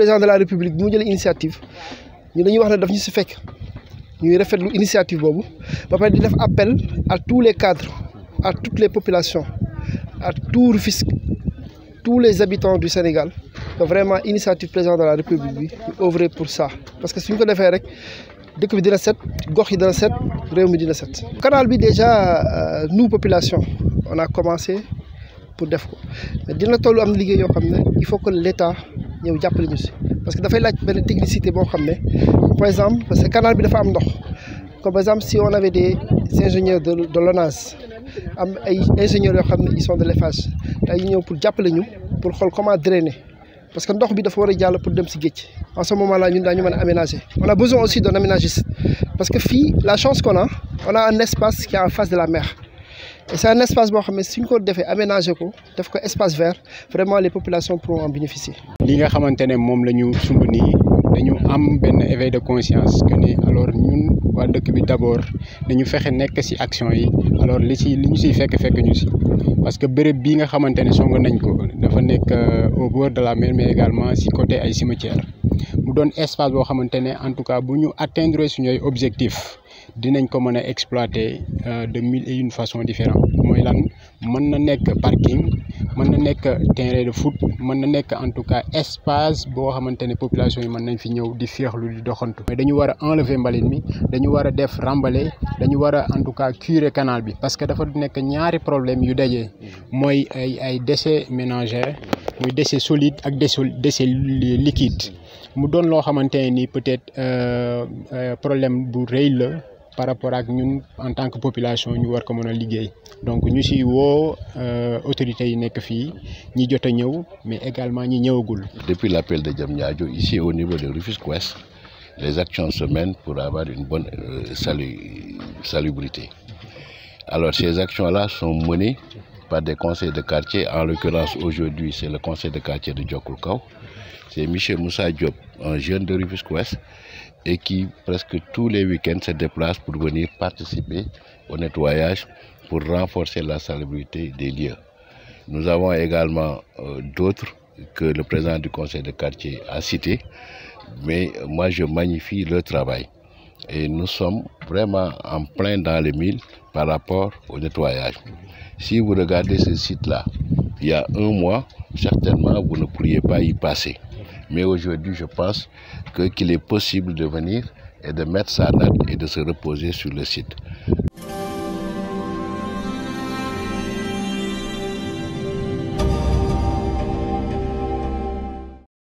président de la république nous mu initiative Nous avons wax ne daf ñu ci fekk ñuy lu initiative bobu ba pare di def appel à tous les cadres à toutes les populations à tout tous les habitants du Sénégal que vraiment initiative président de la république bi pour ça parce que suñ ko défé rek dëkk bi dina set gox yi dina set réew mi dina set. canal bi déjà euh, nous population on a commencé pour def ko mais dina tollu am liggéey yo xamné il faut que l'État ñëw jàppale ñu si parce que dafay laaj benn technicité boo xam ne par exemple parce que canal bi dafa am ndox comme par exemple si on avait des ingénieurs de de l'ONAS am ay ingénieurs yoo xam ne ils sont de l'Eiffage dañu ñëw pour jàppale ñu pour xool comment drainer parce que ndox bi dafa war a jàll pour dem si géej en ce moment là ñun daañu mën a aménager on a besoin aussi d'un aménagiste parce que fii la chance qu'on a on a un espace qui est en face de la mer c'est un espace boo xam ne suñ ko aménager ko de ko espace vert vraiment les populations pourront en bénéficier. li nga xamante le moom la ñu sumb nii dañu am éveil de conscience que ni alors ñun waa dëkk bi d'abord dañu fexe nekk ci action yi alors li ci li ñu que fekk que ñu ci parce que béréb bii nga xamante ne song nañ ko dafa euh, au bord de la mer mais également ci côté ay cimetière mu donne espace boo xamante en tout cas pour nous atteindre suñuy objectif dinañ ko mën a exploiter euh, de mille et une façon différente mooy lan mën na nekk parking mën na nekk terrain de foot mën na nekk en tout cas espace boo xamante ne population yi mën nañ fi ñëw di féexlu di doxantu. mais dañu war a enlever mbalit mi dañu war a def rembale dañu war a en tout cas curer canal bi parce que dafa nekk ñaari problème yu daje mooy ay ay déchets ménagers muy déchets solides ak déchets déchets liquides mu doon loo xamante ni peut-être euh, euh, problème bu rëy la par rapport à nous, en tant que population nous, war ko donc nous, si euh, autorités yi nekk mais également ñi Depuis l'appel de Djamniadjo ici au niveau de Rufisque les actions se mènent pour avoir une bonne euh, salubrité. Alors ces actions-là sont menées par des conseils de quartier. En l'occurrence, aujourd'hui, c'est le conseil de quartier de Djokulkao. C'est Michel Moussa Diop, un jeune de Rufus et qui presque tous les week-ends se déplacent pour venir participer au nettoyage pour renforcer la salubrité des lieux. Nous avons également euh, d'autres que le président du conseil de quartier a cité, mais moi je magnifie le travail. Et nous sommes vraiment en plein dans les mille par rapport au nettoyage. Si vous regardez ce site-là, il y a un mois, certainement vous ne pourriez pas y passer. Mais aujourd'hui, je pense qu'il est possible de venir et de mettre sa note et de se reposer sur le site.